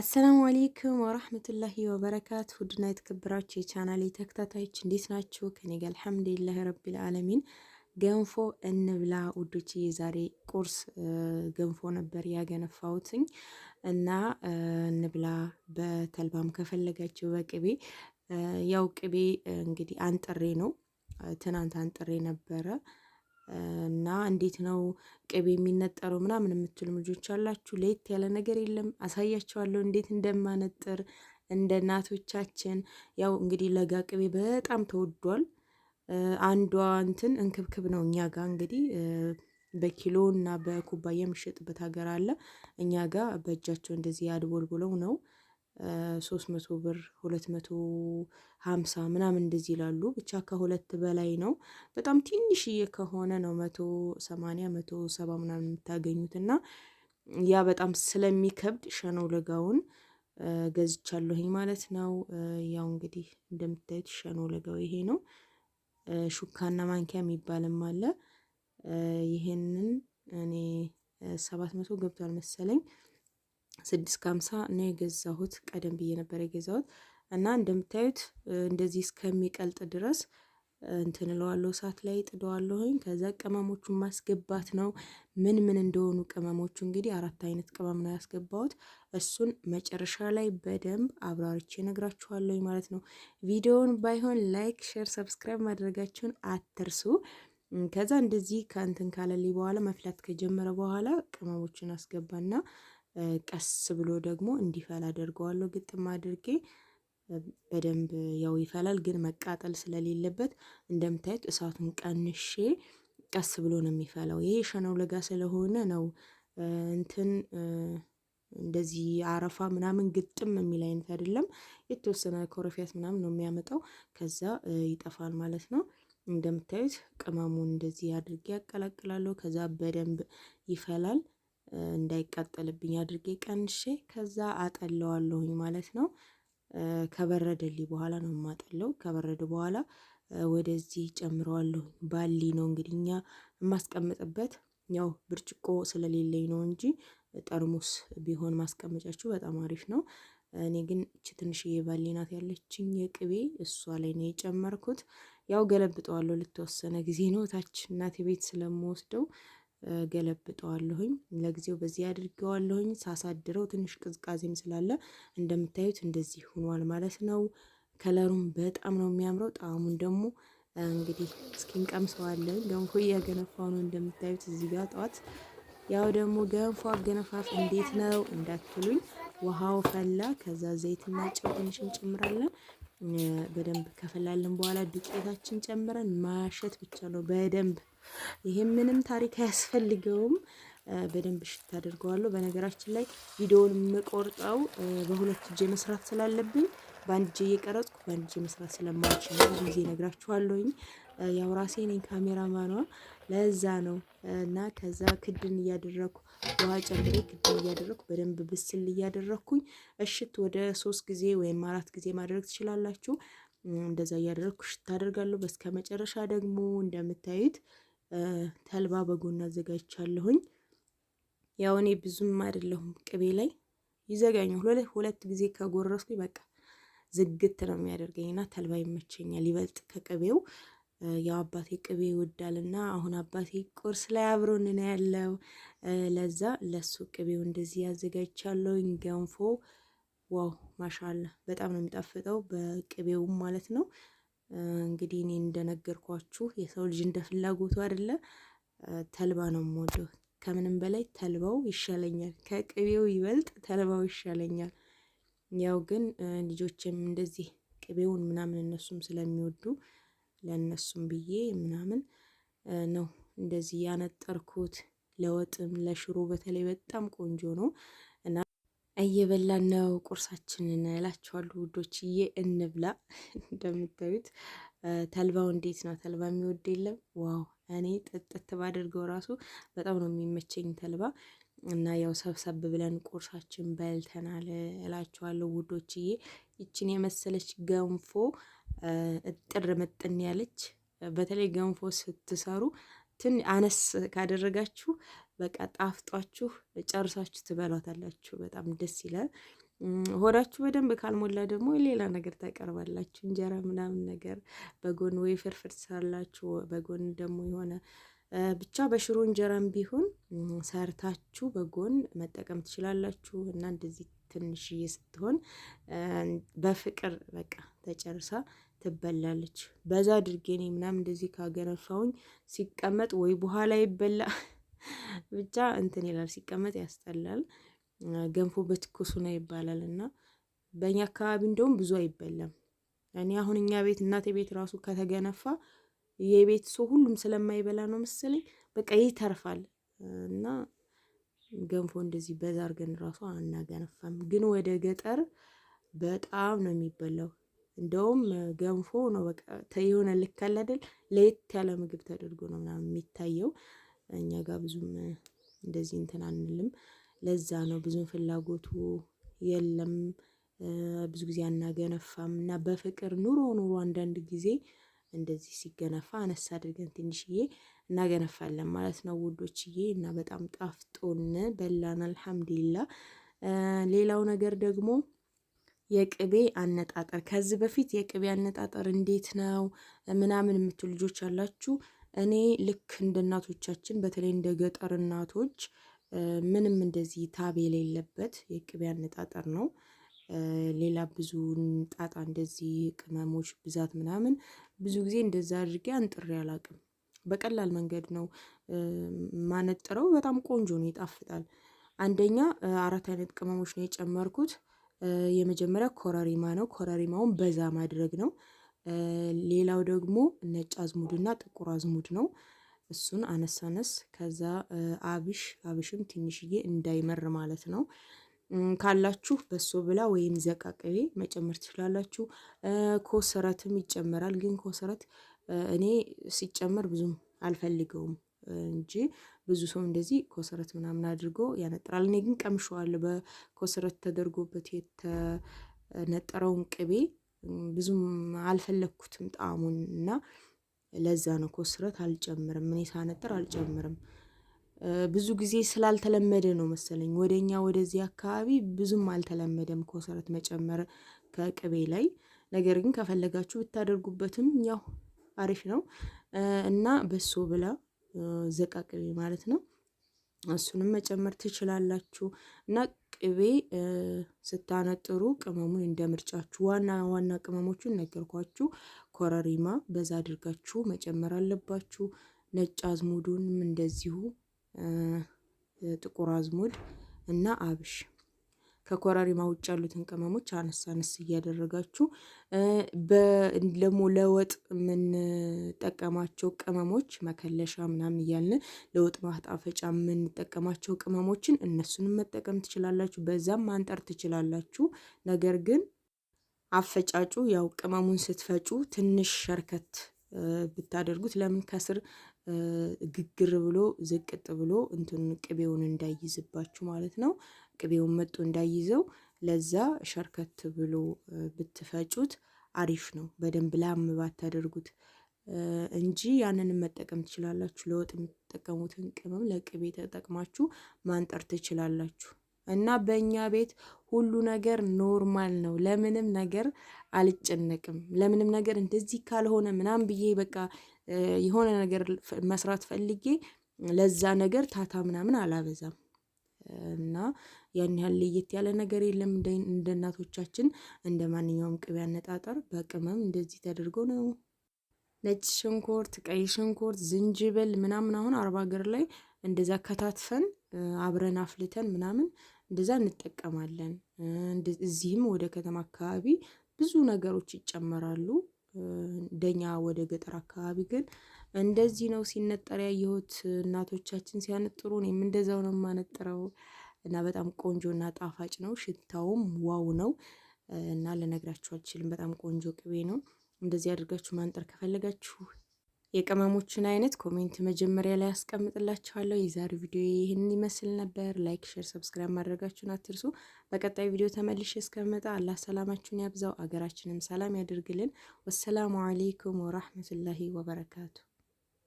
አሰላሙ አሌይኩም ወራህመቱላሂ ወበረካቱ ውድና የተከበራችሁ የቻናሌ ተከታታዮች እንዴት ናችሁ? ከኔ ጋር አልሐምዱሊላህ ረቢል አለሚን። ገንፎ እንብላ ውዶች። የዛሬ ቁርስ ገንፎ ነበር ያገነፋሁትኝ እና እንብላ። በተልባም ከፈለጋችሁ በቅቤ ያው ቅቤ እንግዲህ አንጥሬ ነው ትናንት አንጥሬ ነበረ እና እንዴት ነው ቅቤ የሚነጠረው ምናምን የምትሉም ልጆች አላችሁ። ለየት ያለ ነገር የለም፣ አሳያቸዋለሁ እንዴት እንደማነጥር እንደ እናቶቻችን። ያው እንግዲህ ለጋ ቅቤ በጣም ተወዷል። አንዷ እንትን እንክብክብ ነው እኛ ጋ እንግዲህ በኪሎ እና በኩባያ የሚሸጥበት ሀገር አለ። እኛ ጋ በእጃቸው እንደዚህ አድቦልብለው ነው ሶስት መቶ ብር ሁለት መቶ ሀምሳ ምናምን እንደዚህ ይላሉ። ብቻ ከሁለት በላይ ነው። በጣም ትንሽዬ ከሆነ ነው መቶ ሰማንያ መቶ ሰባ ምናምን የምታገኙት እና ያ በጣም ስለሚከብድ ሸኖ ለጋውን ገዝቻለሁኝ ማለት ነው። ያው እንግዲህ እንደምታዩት ሸኖ ለጋው ይሄ ነው። ሹካና ማንኪያ የሚባልም አለ። ይሄንን እኔ ሰባት መቶ ገብቷል መሰለኝ ስድስት ከሀምሳ ነው የገዛሁት። ቀደም ብዬ ነበር የገዛሁት እና እንደምታዩት እንደዚህ እስከሚቀልጥ ድረስ እንትን እለዋለሁ እሳት ላይ ጥደዋለሁኝ። ከዛ ቅመሞቹን ማስገባት ነው። ምን ምን እንደሆኑ ቅመሞቹ እንግዲህ አራት አይነት ቅመም ነው ያስገባሁት። እሱን መጨረሻ ላይ በደንብ አብራርቼ እነግራችኋለሁ ማለት ነው። ቪዲዮውን ባይሆን ላይክ፣ ሼር፣ ሰብስክራይብ ማድረጋችሁን አትርሱ። ከዛ እንደዚህ ከእንትን ካለልኝ በኋላ መፍላት ከጀመረ በኋላ ቅመሞችን አስገባና ቀስ ብሎ ደግሞ እንዲፈላ አድርገዋለሁ። ግጥም አድርጌ በደንብ ያው ይፈላል፣ ግን መቃጠል ስለሌለበት እንደምታዩት እሳቱን ቀንሼ ቀስ ብሎ ነው የሚፈላው። ይሄ ሸነው ለጋ ስለሆነ ነው እንትን እንደዚህ አረፋ ምናምን ግጥም የሚል አይነት አይደለም። የተወሰነ ኮረፊያት ምናምን ነው የሚያመጣው፣ ከዛ ይጠፋል ማለት ነው። እንደምታዩት ቅመሙን እንደዚህ አድርጌ ያቀላቅላለሁ። ከዛ በደንብ ይፈላል። እንዳይቃጠልብኝ አድርጌ ቀንሼ ከዛ አጠለዋለሁኝ ማለት ነው። ከበረደልኝ በኋላ ነው የማጠለው። ከበረደ በኋላ ወደዚህ ጨምረዋለሁ። ባሊ ነው እንግዲህ እኛ የማስቀምጥበት ያው ብርጭቆ ስለሌለኝ ነው እንጂ ጠርሙስ ቢሆን ማስቀመጫችሁ በጣም አሪፍ ነው። እኔ ግን እች ትንሽዬ ባሊ ናት ያለችኝ የቅቤ እሷ ላይ ነው የጨመርኩት። ያው ገለብጠዋለሁ፣ ልትወሰነ ጊዜ ነው ታች እናቴ ቤት ስለምወስደው ገለብጠዋለሁኝ። ለጊዜው በዚህ አድርገዋለሁኝ። ሳሳድረው ትንሽ ቅዝቃዜም ስላለ እንደምታዩት እንደዚህ ሆኗል ማለት ነው። ከለሩም በጣም ነው የሚያምረው። ጣዕሙን ደግሞ እንግዲህ እስኪን ቀምሰዋለን። ገንፎ እያገነፋ ነው እንደምታዩት እዚህ ጋር ጠዋት። ያው ደግሞ ገንፎ አገነፋፍ እንዴት ነው እንዳትሉኝ፣ ውሃው ፈላ። ከዛ ዘይትና ጨው ትንሽ እንጨምራለን። በደንብ ከፈላልን በኋላ ዱቄታችን ጨምረን ማሸት ብቻ ነው በደንብ ይሄ ምንም ታሪክ አያስፈልገውም። በደንብ ሽት አድርገዋለሁ። በነገራችን ላይ ቪዲዮውን የምቆርጠው በሁለት እጄ መስራት ስላለብኝ በአንድ እጄ እየቀረጽኩ በአንድ እጄ መስራት ስለማልችል ጊዜ ነግራችኋለሁኝ። ያው ራሴ ነኝ ካሜራማኗ፣ ለዛ ነው እና ከዛ ክድን እያደረግኩ ውሃ ጨምሬ ክድን እያደረግኩ በደንብ ብስል እያደረግኩኝ እሽት ወደ ሶስት ጊዜ ወይም አራት ጊዜ ማድረግ ትችላላችሁ። እንደዛ እያደረግኩ እሽት አደርጋለሁ። በስከ መጨረሻ ደግሞ እንደምታዩት ተልባ በጎን አዘጋጅቻለሁኝ። ያው እኔ ብዙም አይደለሁም ቅቤ ላይ ይዘጋኝ ሁለት ጊዜ ከጎረስኩኝ በቃ ዝግት ነው የሚያደርገኝና ተልባ ይመቸኛል ይበልጥ ከቅቤው። ያው አባቴ ቅቤ ይወዳልና አሁን አባቴ ቁርስ ላይ አብሮን ነው ያለው። ለዛ ለሱ ቅቤው እንደዚህ ያዘጋጅቻለሁ። ገንፎ ዋው ማሻላ በጣም ነው የሚጣፍጠው በቅቤውም ማለት ነው። እንግዲህ እኔ እንደነገርኳችሁ የሰው ልጅ እንደ ፍላጎቱ አይደለ። ተልባ ነው የምወደው። ከምንም በላይ ተልባው ይሻለኛል፣ ከቅቤው ይበልጥ ተልባው ይሻለኛል። ያው ግን ልጆችም እንደዚህ ቅቤውን ምናምን እነሱም ስለሚወዱ ለእነሱም ብዬ ምናምን ነው እንደዚህ ያነጠርኩት። ለወጥም ለሽሮ በተለይ በጣም ቆንጆ ነው። እየበላን ነው ቁርሳችንን እላችኋለሁ ውዶችዬ፣ እንብላ። እንደምታዩት ተልባው እንዴት ነው? ተልባ የሚወድ የለም። ዋው! እኔ ጥጥት ባደርገው ራሱ በጣም ነው የሚመቸኝ ተልባ እና ያው ሰብሰብ ብለን ቁርሳችን በልተናል እላችኋለሁ ውዶችዬ። ይችን የመሰለች ገንፎ እጥር ምጥን ያለች በተለይ ገንፎ ስትሰሩ ትን አነስ ካደረጋችሁ በቃ ጣፍጧችሁ ጨርሳችሁ ትበሏታላችሁ። በጣም ደስ ይላል። ሆዳችሁ በደንብ ካልሞላ ደግሞ ሌላ ነገር ታቀርባላችሁ። እንጀራ ምናምን ነገር በጎን ወይ ፍርፍር ትሰራላችሁ፣ በጎን ደግሞ የሆነ ብቻ በሽሮ እንጀራም ቢሆን ሰርታችሁ በጎን መጠቀም ትችላላችሁ እና እንደዚህ ትንሽዬ ስትሆን በፍቅር በቃ ተጨርሳ ትበላለች። በዛ አድርጌ እኔ ምናምን እንደዚህ ካገነፋውኝ ሲቀመጥ ወይ በኋላ ይበላ ብቻ እንትን ይላል፣ ሲቀመጥ ያስጠላል። ገንፎ በትኩሱ ነው ይባላል እና በእኛ አካባቢ እንደውም ብዙ አይበላም። እኔ አሁን እኛ ቤት እናቴ ቤት ራሱ ከተገነፋ የቤት ሰው ሁሉም ስለማይበላ ነው መሰለኝ በቃ ይተርፋል። እና ገንፎ እንደዚህ በዛ አድርገን ራሱ አናገነፋም። ግን ወደ ገጠር በጣም ነው የሚበላው። እንደውም ገንፎ ነው በቃ የሆነ ልክ አለ አይደል ለየት ያለ ምግብ ተደርጎ ነው ምናምን የሚታየው። እኛ ጋር ብዙም እንደዚህ እንትን አንልም። ለዛ ነው ብዙም ፍላጎቱ የለም። ብዙ ጊዜ አናገነፋም እና በፍቅር ኑሮ ኑሮ አንዳንድ ጊዜ እንደዚህ ሲገነፋ አነሳ አድርገን ትንሽዬ እናገነፋለን ማለት ነው ውዶችዬ። እና በጣም ጣፍጦን በላን አልሐምዱሊላ። ሌላው ነገር ደግሞ የቅቤ አነጣጠር ከዚህ በፊት የቅቤ አነጣጠር እንዴት ነው ምናምን የምትሉ ልጆች አላችሁ። እኔ ልክ እንደ እናቶቻችን በተለይ እንደ ገጠር እናቶች ምንም እንደዚህ ታቤ የሌለበት የቅቤ አነጣጠር ነው። ሌላ ብዙ ጣጣ እንደዚህ ቅመሞች ብዛት ምናምን ብዙ ጊዜ እንደዛ አድርጌ አንጥሬ አላቅም። በቀላል መንገድ ነው ማነጥረው። በጣም ቆንጆ ነው፣ ይጣፍጣል። አንደኛ አራት አይነት ቅመሞች ነው የጨመርኩት። የመጀመሪያ ኮረሪማ ነው። ኮረሪማውን በዛ ማድረግ ነው። ሌላው ደግሞ ነጭ አዝሙድና ጥቁር አዝሙድ ነው። እሱን አነሳነስ ከዛ አብሽ አብሽም ትንሽዬ እንዳይመር ማለት ነው ካላችሁ በሶ ብላ ወይም ዘቃቅቤ መጨመር ትችላላችሁ። ኮሰረትም ይጨመራል። ግን ኮሰረት እኔ ሲጨመር ብዙም አልፈልገውም እንጂ ብዙ ሰው እንደዚህ ኮሰረት ምናምን አድርጎ ያነጥራል። እኔ ግን ቀምሸዋለሁ በኮሰረት ተደርጎበት የተነጠረውን ቅቤ ብዙም አልፈለግኩትም ጣዕሙን እና ለዛ ነው ኮስረት አልጨምርም። እኔ ሳነጥር አልጨምርም። ብዙ ጊዜ ስላልተለመደ ነው መሰለኝ ወደኛ ወደዚህ አካባቢ ብዙም አልተለመደም ኮሰረት መጨመር ከቅቤ ላይ። ነገር ግን ከፈለጋችሁ ብታደርጉበትም ያው አሪፍ ነው እና በሶ ብላ ዘቃቅቤ ማለት ነው እሱንም መጨመር ትችላላችሁ እና ቅቤ ስታነጥሩ ቅመሙን እንደ ምርጫችሁ። ዋና ዋና ቅመሞቹን ነገርኳችሁ። ኮረሪማ በዛ አድርጋችሁ መጨመር አለባችሁ። ነጭ አዝሙዱንም እንደዚሁ፣ ጥቁር አዝሙድ እና አብሽ ከኮረሪማ ውጭ ያሉትን ቅመሞች አነስ አነስ እያደረጋችሁ ደግሞ ለወጥ የምንጠቀማቸው ቅመሞች መከለሻ ምናምን እያልን ለወጥ ማጣፈጫ የምንጠቀማቸው ቅመሞችን እነሱንም መጠቀም ትችላላችሁ። በዛም ማንጠር ትችላላችሁ። ነገር ግን አፈጫጩ ያው ቅመሙን ስትፈጩ ትንሽ ሸርከት ብታደርጉት ለምን ከስር ግግር ብሎ ዝቅጥ ብሎ እንትን ቅቤውን እንዳይዝባችሁ ማለት ነው። ቅቤውን መጡ እንዳይዘው ለዛ ሸርከት ብሎ ብትፈጩት አሪፍ ነው። በደንብ ላም ባታደርጉት እንጂ ያንንም መጠቀም ትችላላችሁ። ለወጥ የምትጠቀሙትን ቅመም ለቅቤ ተጠቅማችሁ ማንጠር ትችላላችሁ። እና በእኛ ቤት ሁሉ ነገር ኖርማል ነው። ለምንም ነገር አልጨነቅም። ለምንም ነገር እንደዚህ ካልሆነ ምናምን ብዬ በቃ የሆነ ነገር መስራት ፈልጌ ለዛ ነገር ታታ ምናምን አላበዛም። እና ያን ያህል ለየት ያለ ነገር የለም። እንደ እናቶቻችን እንደ ማንኛውም ቅቤ አነጣጠር በቅመም እንደዚህ ተደርጎ ነው። ነጭ ሽንኩርት፣ ቀይ ሽንኩርት፣ ዝንጅብል ምናምን አሁን አረብ ሀገር ላይ እንደዛ ከታትፈን አብረን አፍልተን ምናምን እንደዛ እንጠቀማለን። እዚህም ወደ ከተማ አካባቢ ብዙ ነገሮች ይጨመራሉ። እንደኛ ወደ ገጠር አካባቢ ግን እንደዚህ ነው ሲነጠር ያየሁት። እናቶቻችን ሲያነጥሩ እኔም እንደዛው ነው የማነጥረው እና በጣም ቆንጆ እና ጣፋጭ ነው። ሽታውም ዋው ነው እና ልነግራችሁ አልችልም። በጣም ቆንጆ ቅቤ ነው። እንደዚህ አድርጋችሁ ማንጠር ከፈለጋችሁ የቅመሞችን አይነት ኮሜንት መጀመሪያ ላይ አስቀምጥላችኋለሁ። የዛሬው ቪዲዮ ይህን ይመስል ነበር። ላይክ፣ ሼር፣ ሰብስክራይብ ማድረጋችሁን አትርሱ። በቀጣይ ቪዲዮ ተመልሼ እስከመጣ አላህ ሰላማችሁን ያብዛው፣ አገራችንም ሰላም ያደርግልን። ወሰላሙ አሌይኩም ወራህመቱላሂ ወበረካቱ